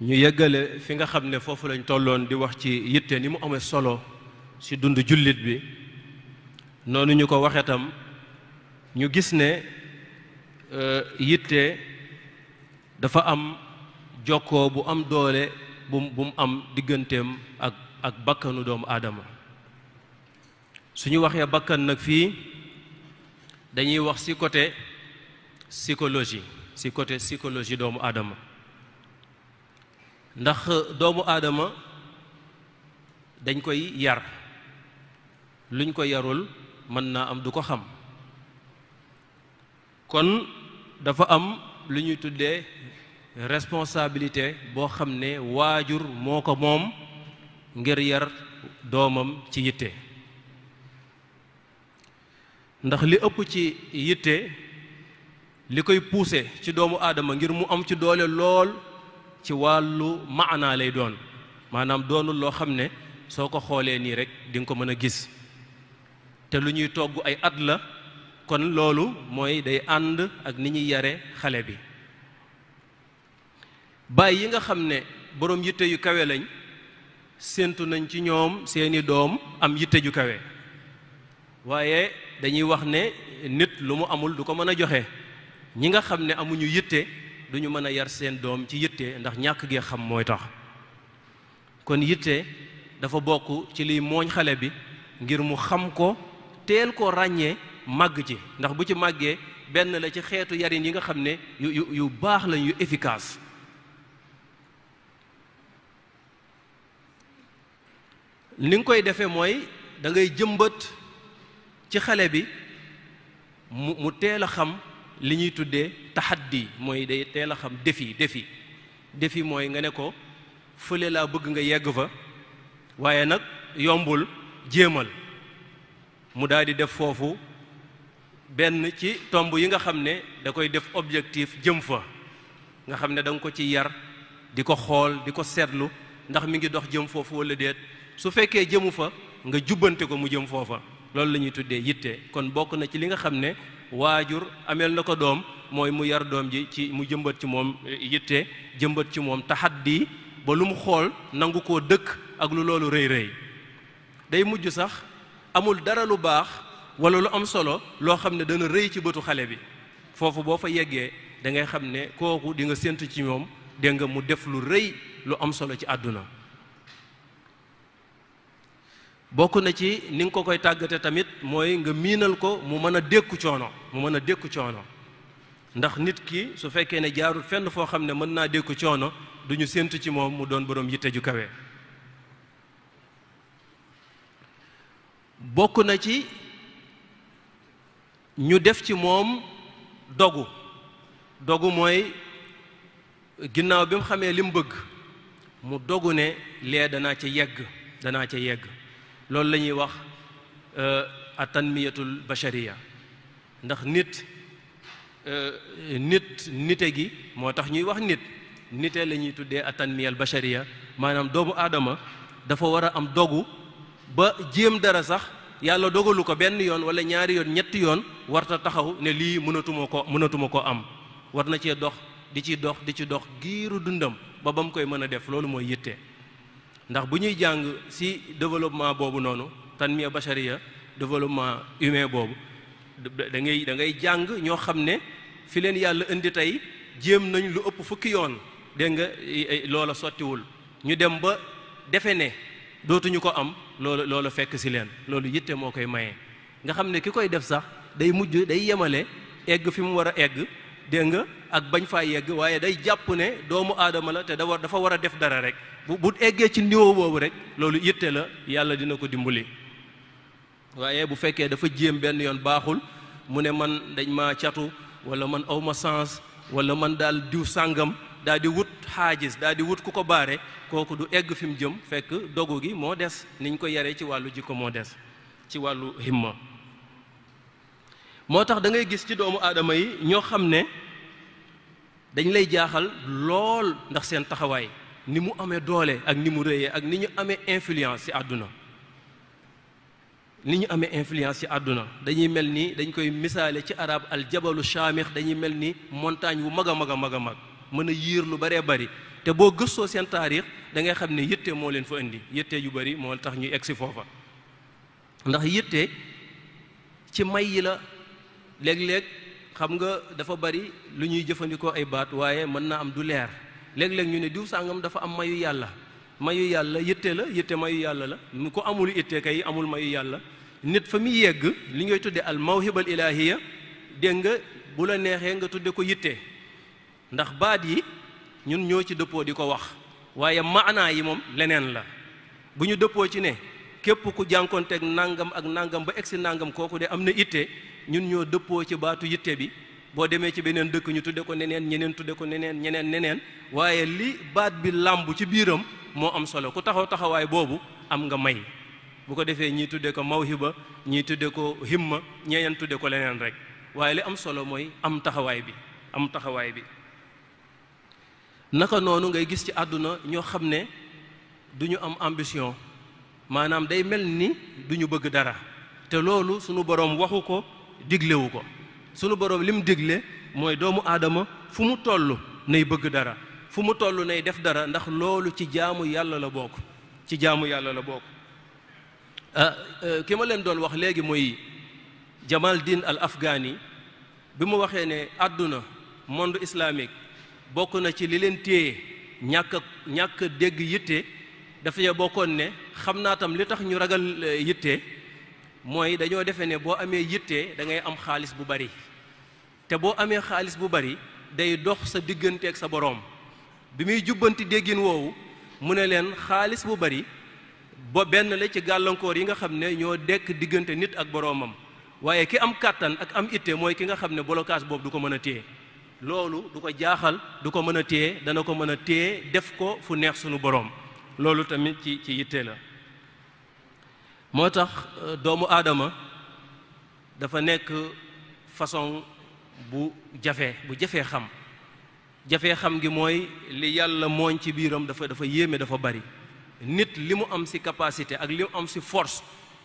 ñu yëggale fi nga xam ne foofu lañ tolloon di wax ci yitte ni mu amee solo ci dund jullit bi noonu ñu ko waxee tam ñu gis ne euh, yitte dafa am jokkoo bu am doole bu mu am digganteem ak ak bakkanu doomu aadama suñu waxee bakkan nag fii dañuy wax ci côté psychologie ci côté psychologie doomu aadama ndax euh, doomu aadama dañ koy yar luñ ko yarul mën naa am du ko xam kon dafa am lu ñuy tuddee responsabilité boo xam ne waajur moo ko moom ngir yar doomam ci yitte ndax li ëpp ci yitte li koy puuse ci doomu aadama ngir mu am ci doole lool ci wàllu maanaa lay doon maanaam doonul loo xam ne soo ko xoolee nii rek di nga ko mën a gis te lu ñuy togg ay at la kon loolu mooy day ànd ak ni ñuy yare xale bi bàyyi yi nga xam ne boroom yitte yu kawe lañ séentu nañ ci ñoom seeni doom am yitte ju kawe waaye dañuy wax ne nit lu mu amul du ko mën a joxe ñi nga xam ne amuñu yitte duñu mën a yar seen doom ci yitte ndax ñàkk gee xam mooy tax kon yitte dafa bokk ci liy mooñ xale bi ngir mu xam ko teel ko ràññee màgg ci ndax bu ci màggee benn la ci xeetu yariñ yi nga xam ne yu yu yu baax lañ yu efficace ni koy defee mooy dangay jëmbët ci xale bi mu mu teel a xam li ñuy tuddee taxaddi mooy day teel a xam defi defi defi mooy nga ne ko fële laa bëgg nga yegg fa waaye nag yombul jéemal mu daal di def foofu benn ci tomb yi nga xam ne da koy def objectif jëm fa nga xam ne da ko ci yar di ko xool di ko seetlu ndax mi ngi dox jëm foofu walla déet su fekkee jëmu fa nga jubbante ko mu jëm foofa loolu la ñuy tuddee yitte kon bokk na ci li nga xam ne waajur ameel na ko doom mooy mu yar doom ji ci mu jëmbat ci moom yitte jëmbat ci moom di ba lu mu xool nangu ko dëkk ak lu loolu rëy rëy day mujj sax amul dara lu baax wala lu am solo loo xam ne dana rëy ci bëtu xale bi foofu boo fa yeggee da ngay xam ne kooku di nga sént ci moom dégg nga mu def lu rëy lu am solo ci àdduna bokk na ci ni nga ko koy tàggate tamit mooy nga miinal ko mu mën a dékku coono mu mën a dékku coono ndax nit ki su fekkee ne jaarul fenn foo xam ne mën naa dékku coono duñu séentu ci moom mu doon boroom yitte ju kawe bokk na ci ñu def ci moom dogu dogu mooy ginnaaw bi mu xamee li mu bëgg mu dogu ne lee danaa ca yegg danaa ca yegg loolu la ñuy wax euh, a tanmiyatul bashariya ndax nit euh, nit nite gi moo tax ñuy wax nit nite la ñuy tuddee a tanmiyal bashariya maanaam doomu aadama dafa war a am dogu ba jéem dara sax yàlla dogalu ko benn yoon wala ñaari yoon ñetti yoon warta taxaw ne lii mënatuma ko mënatuma ko am war na cee dox di ci dox di ci dox giiru dundam ba ba mu koy mën a def loolu mooy yitte ndax bu ñuy jàng si développement boobu noonu tanmiya bashariya développement humain boobu da ngay da ngay jàng ñoo xam ne fi leen yàlla indi tey jéem nañ lu ëpp fukki yoon dégg nga loola sottiwul ñu dem ba defe ne dootuñu ko am loolu loolu fekk si leen loolu yitte moo koy maye nga xam ne ki koy def sax day mujj day yemale egg fi mu war a egg dégg ak bañ faa yegg waaye day jàpp ne doomu aadama la te da war dafa war a def dara rek bu bu eggee ci niveau boobu rek loolu yitte la yàlla dina ko dimbali. waaye bu fekkee dafa jéem benn yoon baaxul mu ne man dañ ma catu wala man aw ma sens wala man daal diw sàngam daal di wut xaajis daal di wut ku ko baare kooku du egg fi mu jëm fekk dogu gi moo des niñ ko yaree ci wàllu jikko moo des ci wàllu himma moo tax dangay gis ci doomu aadama yi ñoo xam ne dañ lay jaaxal lool ndax seen taxawaay ni mu amee doole ak ni mu rëyee ak ni ñu amee influence ci àdduna ni ñu amee influence ci àdduna dañuy mel ni dañ koy misaale ci arab al jabalu shaamix dañuy mel ni montagne wu mag a mag a mag a mag mën a yiir lu baree bari te boo gëstoo seen taarix da ngay xam ne yitte moo leen fa indi yitte yu bari moo tax ñuy egsi foofa ndax yitte ci may yi la léeg-léeg xam nga dafa bari lu ñuy jëfandikoo ay baat waaye mën naa am du leer léeg-léeg ñu ne diw sàngam dafa am mayu yàlla mayu yàlla yëtte la yëtte mayu yàlla la mu ko amul yëtte kay amul mayu yàlla nit fa muy yegg li ngay tudde al mawhibal ilaahiya dégg nga bu la neexee nga tudde ko yitte ndax baat yi ñun ñoo ci dëppoo di ko wax waaye maanaa yi moom leneen la bu ñu dëppoo ci ne képp ku jànkoonteeg nangam ak nangam ba egsi nangam kooku de am na itte ñun ñoo dëppoo ci baatu yitte bi boo demee ci beneen dëkk ñu tudde ko neneen ñeneen tudde ko neneen ñeneen neneen waaye li baat bi làmb ci biiram moo am solo ku taxaw taxawaay boobu am nga may bu ko defee ñii tudde ko mawhiba ñii tudde ko himma ñeneen tudde ko leneen rek waaye li am solo mooy am taxawaay bi am taxawaay bi naka noonu ngay gis ci àdduna ñoo xam ne duñu am ambition maanaam day mel ni duñu bëgg dara te loolu sunu boroom waxu ko diglewu ko sunu boroom li mu digle mooy doomu aadama fu mu toll nay bëgg dara fu mu toll nay def dara ndax loolu ci jaamu yàlla la bokk ci jaamu yàlla la bokk ah, euh, ki ma leen doon wax léegi mooy Jamal Din al Afghani bi mu waxee ne àdduna monde islamique bokk na ci li leen téye ñàkk ñàkk dégg yitte dafa bokkoon ne xam naa tam li tax ñu ragal euh, yitte mooy dañoo defee ne boo amee yitte da ngay am xaalis bu bari te boo amee xaalis bu bari day dox sa diggante ak sa boroom bi muy jubbanti déggin woowu mu ne leen xaalis bu bari ba benn la ci gàllankoor yi nga xam ne ñoo dekk diggante nit ak boroomam waaye ki am kàttan ak am itte mooy ki nga xam ne blocage boobu du ko mën a téye loolu du ko jaaxal du ko mën a téye dana ko mën a téye def ko fu neex sunu boroom loolu tamit ci ci yitte la moo tax euh, doomu aadama dafa nekk façon bu jafe bu jafee xam jafee xam ngi mooy li yàlla mooñ ci biiram dafa dafa yéeme dafa bari nit li mu am si capacité ak li mu am si force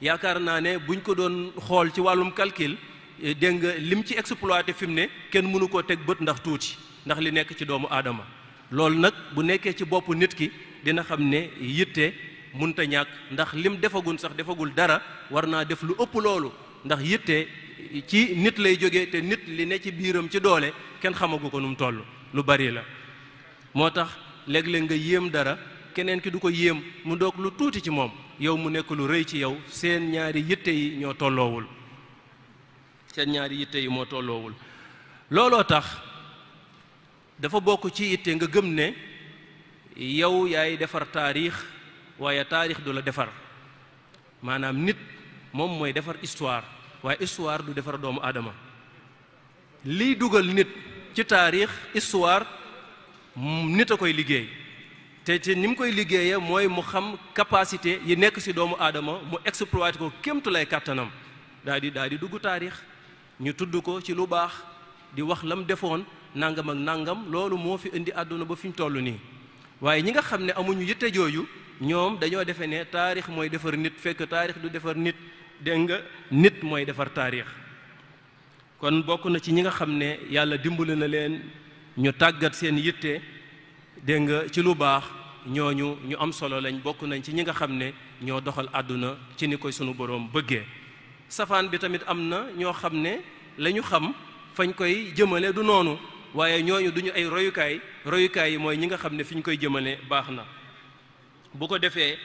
yaakaar naa ne buñ ko doon xool ci wàllum calcul euh, dégg nga lim ci exploité fi mu ne kenn mënu koo teg bët ndax tuuti ndax li nekk ci doomu aadama loolu nag bu nekkee ci boppu nit ki dina xam ne yitte munta ñàkk ndax lim defagul sax defagul dara war naa def lu ëpp loolu ndax yitte ci nit lay jóge te nit li ne ci biiram ci doole kenn xamagu ko nu mu toll lu bari la moo tax léeg-léeg nga yéem dara keneen ki du ko yéem mu dog lu tuuti ci moom yow mu nekk lu rëy ci yow seen ñaari yitte yi ñoo tolloowul seen ñaari yitte yi moo tolloowul looloo tax dafa bokk ci yitte nga gëm ne yow yaay defar taarix waaye taarix du la defar maanaam nit moom mooy defar histoire waaye histoire du defar doomu aadama liy dugal nit ci taarix histoire nit a koy liggéey te te ni mu koy liggéeyee mooy mu xam capacité yi nekk ci doomu aadama mu exploité ko kémtu lay kàttanam daal di daal di dugg taarix ñu tudd ko ci lu baax di wax lam defoon nangam ak nangam loolu moo fi indi àdduna ba fi ñu toll nii waaye ñi nga xam ne amuñu yitte jooju ñoom dañoo defee ne taarix mooy defar nit fekk taarix du defar nit dégg nga nit mooy defar taarix kon bokk na ci ñi nga xam ne yàlla dimbali na leen ñu tàggat seen yitte dégg nga ci lu baax ñooñu ñu am solo lañ bokk nañ ci ñi nga xam ne ñoo doxal àdduna ci ni koy sunu boroom bëggee safaan bi tamit am na ñoo xam ne lañu ñu xam fañ koy jëmale du noonu waaye ñooñu duñu ay royukaay royukaay yi mooy ñi nga xam ne fi ñu koy jëmale baax na bu ko defee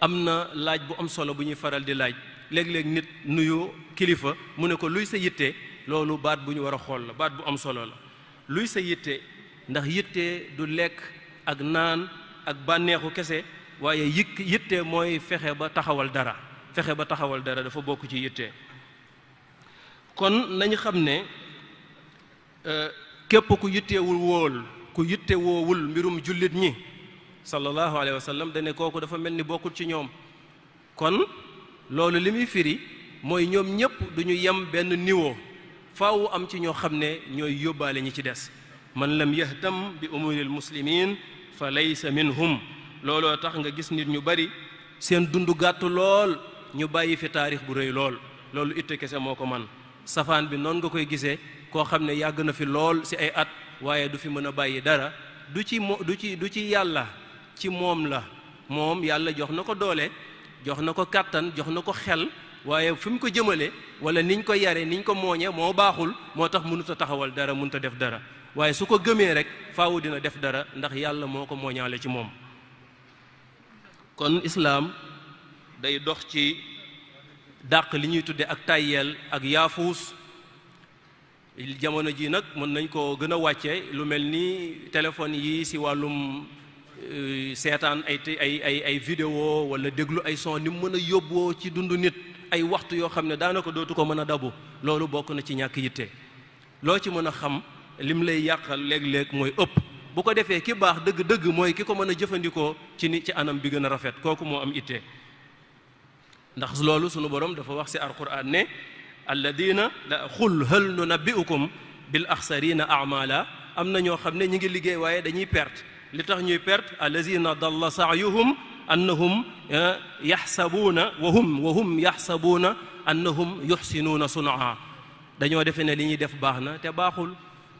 am na laaj bu am solo bu ñuy faral di laaj léeg-léeg nit nuyu kilifa mu ne ko luy sa yitte loolu baat bu ñu war a xool la baat bu am solo la luy sa yitte ndax yitte du lekk ak naan ak bànneexu kese waaye yik yitte mooy fexe ba taxawal dara fexe ba taxawal dara dafa bokk ci yitte kon nañu xam ne euh, képp ku yittewul wool ku yitte woowul mbirum jullit ñi sallallahu alayhi wa sallam dane kooku dafa mel ni bokkul ci ñoom kon loolu li muy firi mooy ñoom ñëpp duñu yem benn niveau faawu am ci ñoo xam ne ñooy yóbbaale ñi ci des man lam yahtam bi umuril muslimin fa laysa minhum looloo tax nga gis nit ñu bari seen dund gàtt lool ñu bàyyi fi taarix bu rëy lool loolu itte kese moo ko man safaan bi noonu nga koy gisee koo xam ne yàgg na fi lool ci ay at waaye du fi mën a bàyyi dara du ci mo du ci du ci yàlla ci moom la moom yàlla jox na ko doole jox na ko kàttan jox na ko xel waaye fi mu ko jëmale wala niñ ko yare niñ ko mooñe moo baaxul moo tax mënut a taxawal dara mënut a def dara waaye su ko gëmee rek faawu dina def dara ndax yàlla moo ko mooñaale ci moom kon islaam day dox ci dàq li ñuy tudde ak tayyeel ak yaafuus jamono ji nag mën nañ koo gën a wàcce lu mel nii téléphone yi si wàllum Euh, seetaan ay ay ay ay vidéo wala déglu ay son ni mu mën a yóbboo ci dundu nit ay waxtu yoo xam ne daanaka dootu ko mën a dabu loolu bokk na ci ñàkk yitte loo ci mën a xam li mu lay yàq léeg-léeg mooy ëpp bu ko defee ki baax dëgg-dëgg mooy ki ko mën a jëfandikoo ci ni ci anam bi gën a rafet kooku moo am ittee ndax loolu sunu borom dafa wax si al alquran ne alladina xul hal nunabbiukum bil axsarina amala am na ñoo xam ne ñi ngi liggéey waaye dañuy perte li tax ñuy perte allazina dalla saayuhum annahum eh, yaxsabuuna wahum wahum yaxsabuuna annahum yuxsinuuna sunaa dañoo defe ne li ñuy def baax na te baaxul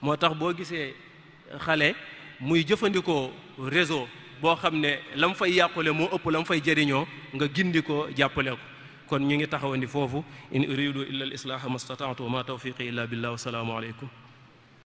moo tax boo gisee xale muy jëfandikoo réseau boo xam ne la mu fay yàqule moo ëpp la mu fay jariñoo nga gindi ko jàppale ko kon ñu ngi taxawandi foofu in uridu illa al islaaha ma stataatu wa ma tawfiqi illa billah wa salaamu aleykum